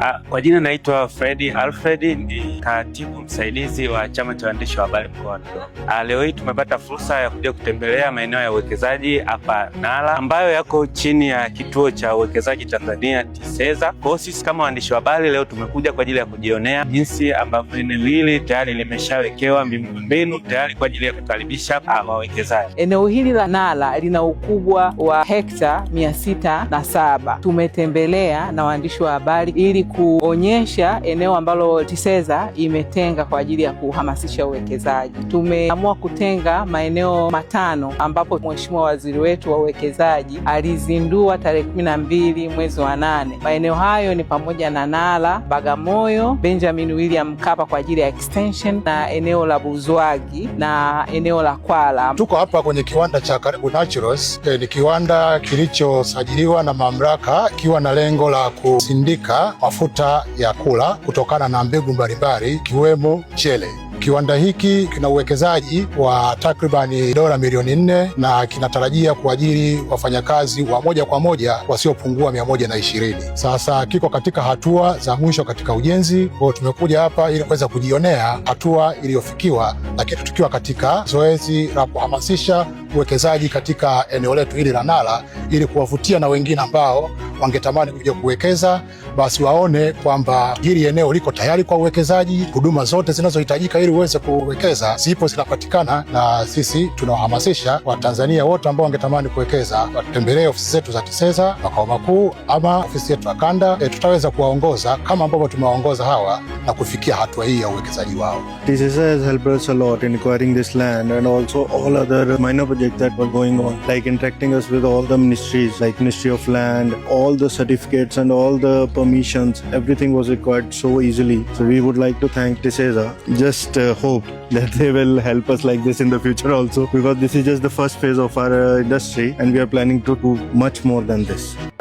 Ah, kwa jina naitwa Fredi Alfredi, ni katibu msaidizi wa chama cha waandishi wa habari mkoa wa Dodoma. Ah, leo hii tumepata fursa ya kuja kutembelea maeneo ya uwekezaji hapa Nala ambayo yako chini ya kituo cha uwekezaji Tanzania TISEZA. Kwa sisi kama waandishi wa habari leo tumekuja kwa ajili ya kujionea jinsi ambavyo eneo hili tayari limeshawekewa miundombinu tayari kwa ajili ya kukaribisha ah, wawekezaji. Eneo hili la Nala lina ukubwa wa hekta mia na saba. Tumetembelea na waandishi wa habari ili kuonyesha eneo ambalo TISEZA imetenga kwa ajili ya kuhamasisha uwekezaji. Tumeamua kutenga maeneo matano ambapo Mheshimiwa Waziri wetu wa uwekezaji alizindua tarehe kumi na mbili mwezi wa nane. Maeneo hayo ni pamoja na Nala, Bagamoyo, Benjamin William Mkapa kwa ajili ya extension na eneo la Buzwagi na eneo la Kwala. Tuko hapa kwenye kiwanda cha Karibu Naturals. E, ni kiwanda kilichosajiliwa na mamlaka ikiwa na lengo la kusindika mafuta ya kula kutokana na mbegu mbalimbali ikiwemo chele. Kiwanda hiki kina uwekezaji wa takribani dola milioni nne na kinatarajia kuajiri wafanyakazi wa moja kwa moja wasiopungua mia moja na ishirini. Sasa kiko katika hatua za mwisho katika ujenzi kwao, tumekuja hapa ili kuweza kujionea hatua iliyofikiwa, lakini tukiwa katika zoezi la kuhamasisha uwekezaji katika eneo letu hili la Nala ili kuwavutia na wengine ambao wangetamani kuja kuwekeza, basi waone kwamba hili eneo liko tayari kwa uwekezaji. Huduma zote zinazohitajika ili uweze kuwekeza zipo, zinapatikana, na sisi tunawahamasisha Watanzania wote ambao wangetamani kuwekeza watembelee ofisi zetu za TISEZA makao makuu ama ofisi yetu ya kanda. E, tutaweza kuwaongoza kama ambavyo tumewaongoza hawa na kufikia hatua hii ya uwekezaji wao. TISEZA has helped us a lot in acquiring this land and also all other minor that were going on, like interacting us with all the ministries, like Ministry of Land, all the certificates and all the permissions, everything was required so easily. So we would like to thank Tiseza. Just uh, hope that they will help us like this in the future also, because this is just the first phase of our uh, industry and we are planning to do much more than this.